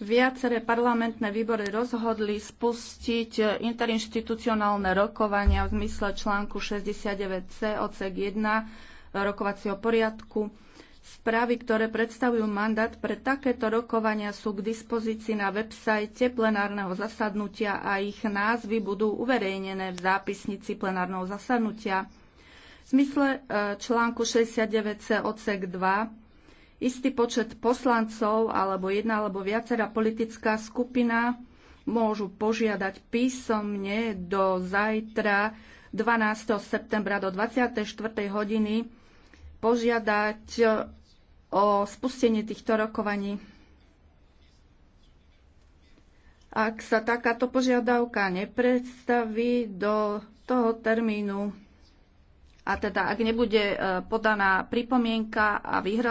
Viaceré parlamentné výbory rozhodli spustiť interinstitucionálne rokovania v zmysle článku 69c odsek 1 rokovacieho poriadku. Správy, ktoré predstavujú mandát pre takéto rokovania sú k dispozícii na websajte plenárneho zasadnutia a ich názvy budú uverejnené v zápisnici plenárneho zasadnutia. V zmysle e, článku 69c odsek 2 istý počet poslancov alebo jedna alebo viacera politická skupina môžu požiadať písomne do zajtra 12. septembra do 24. hodiny požiadať o spustenie týchto rokovaní. Ak sa takáto požiadavka nepredstaví do toho termínu, a teda ak nebude eh, podaná pripomienka a výhrada,